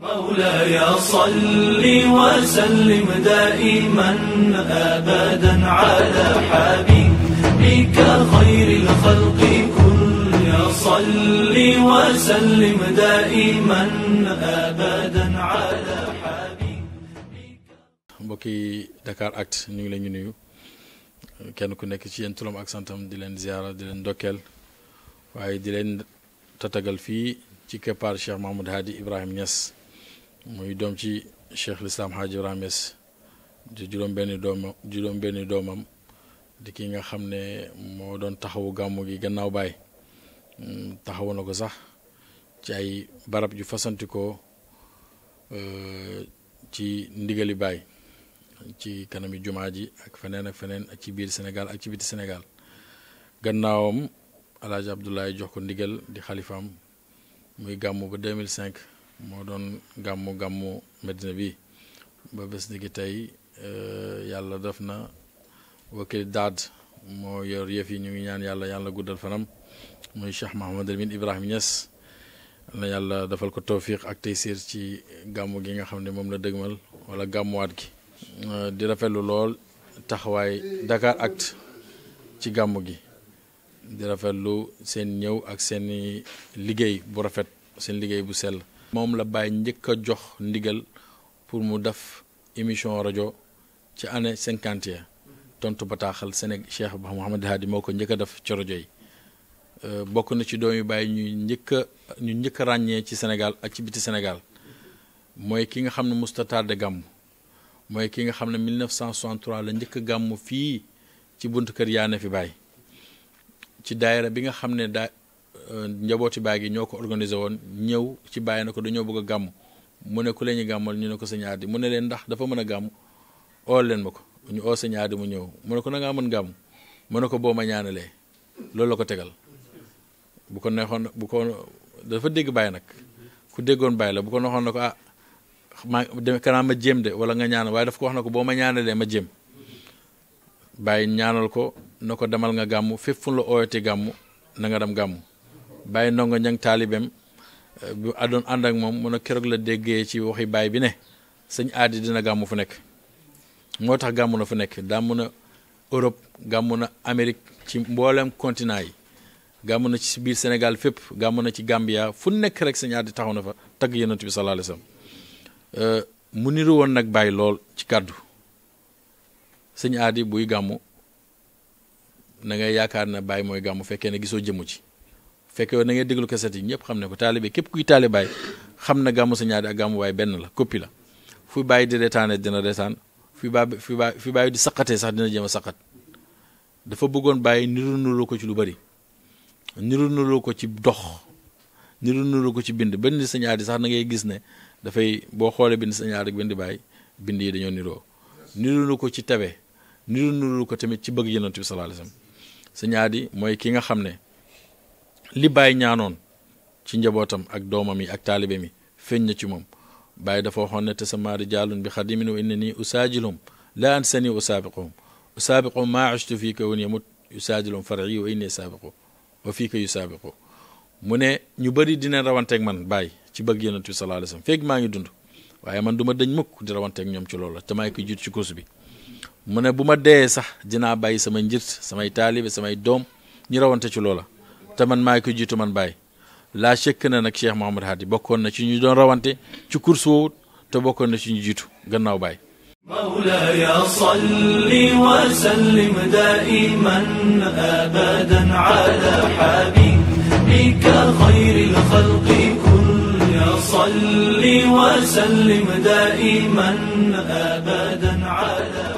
مولاي صل وسلم دائما ابدا على حبيبك خير الخلق يا صل وسلم دائما ابدا على حبيبك بوكي دكار اكت نيو لا نيو كين كو نيك سي انتلوم اك سانتام دي لين زياره دي لين دوكل واي دي لين تاتغال في تي كبار شيخ محمود هادي ابراهيم نياس muy doom ci cheikh lislaam Hadj Ibrahima Niass di juróom benni doomam juróom benni di ki nga xam ne moo doon taxawu gàmmu gi gannaaw baay mm, taxawu na ko sax ci ay barab ju fasanti ko euh, ci ndigali baay ci kanami jumaa ji ak feneen ak feneen ak ci biir Sénégal ak ci biti Sénégal gannaawam El Hadj Abdoulaye jox ko ndigal di xalifaam muy gàmmu ba 2005. moo doon gàmmu gàmmu Medina bi ba bés ni ki tey euh, yàlla def na wakil daad moo yor yëf yi ñu ngi ñaan yàlla yàlla guddal fanam muy Cheikh Mahamadal Min Ibrahima Niass na yàlla defal ko tawfiq ak taysir ci gàmmu gi nga xam ne moom la dëgmal wala gàmmuwaat gi euh, di rafetlu lool taxawaay Dakar Act ci gàmmu gi di rafetlu seen ñëw ak seeni liggéey bu rafet seen liggéey bu sell moom la Baye njëkk a jox ndigal pour mu def émission rajo ci année cinquante et tontu bataaxal Sénégal Cheikh Mouhamed Hadi moo ko njëkk a def ci rajo yi euh, bokk na ci doomi Baye ñuy njëkk ñu njëkk a ràññee ci Sénégal ak ci biti Sénégal mooy ki nga xam ne musta tardé gàmm mooy ki nga xam ne 1963 la njëkk gàmmu fii ci buntu kër Yaane fi Baye ci daayira bi nga xam ne daa njabooti baay gi ñoo ko organisé woon ñëw ci bàyyi na ko dañoo bëgg a gàmm mu ne ku la ñu gàmmal ñu ne ko sëñ Hady mu ne leen ndax dafa mën a gàmm leen ma ko ñu oo sëñ Hady ñëw mu ne ko na ngaa mën gàmm mu ne ko boo ma loolu la ko tegal bu ko neexoon bu ko dafa dégg bàyyi nag ku déggoon bàyyi la bu ko neexoon na ko ah maa kanaa ma jéem de wala nga ñaanal waaye daf ko wax na ko boo ma ñaanalee ma jéem bàyyi ñaanal ko na ko demal nga gàmm fépp fu la ooyatee gàmm nanga dem gàmm bàyyi ndongo ñang taalibeem eh, bu àddoon ànd ak moom mun a keroog la déggee ci waxi baay bi ne sëñ aadi dina gàmmu fu nekk moo tax gàmmu na fu nekk gàmmu na Europe gàmmu na Amérique ci mboolem continent yi gàmmu na ci biir Sénégal fépp gàmmu na ci Gambia fu nekk rek sëñ aadi taxaw na fa tagg yonent bi sallallahu alayhi wa eh, mu niru woon nag bàyyi lool ci kàddu sëñ aadi buy gàmmu na yaakaar na bàyyi mooy gàmmu fekkee ne gisoo jëmu ci fekk yow na ngeen déglu keset yi ñëpp xam ne ko taalibe képp kuy taalibaay xam na gàmmu sa ñaari ak gàmmu waay benn la coppi la fu bàyyi di reetaane dina reetaan fi ba fi ba fi bàyyi di sax dina jéem a saqat bàyyi niru ko ci lu bari niru ko ci dox niru nuru ko ci bind bind sa ñaari sax na ngay gis ne dafay boo xoolee bind sa ñaari ak bind bàyyi bind yi dañoo niroo nirunu ko ci tabe nirunu ko tamit ci bëgg yonent bi sallallahu sa ñaari mooy ki nga xam ne li bàyyi ñaanoon ci njabootam ak doomam yi ak taalibe mi feeñ na ci moom Baye dafa waxoon ne te sama rijaalun bi xadimin wa innanii usaajilhum laa ansani usaabiquhum usaabiquhum maa ushtu fii ka woon yamut usaajilhum far'i wa innii saabiqu wa fii ka yusaabiqu mu ne ñu bëri dina rawanteeg man Baye ci bëgg yonent bi sallallaahu alayhi wa maa ngi dund waaye man du ma dëñ mukk di rawanteeg ñoom ci loolu te maay ko jiit ci course bi mu ne bu ma dee sax dinaa bàyyi sama njiit samay taalibe samay doom ñu rawante ci loola te man maa ko jiitu man Baye laa sekk na nag Cheikh Mouhamadou Hadi bokkoon na ci ñu doon rawante ci course woowu te bokkoon na ci ñu jiitu gannaaw Baye. مولاي صل وسلم دائما ابدا على حبيبك خير الخلق كل صل وسلم دائما ابدا على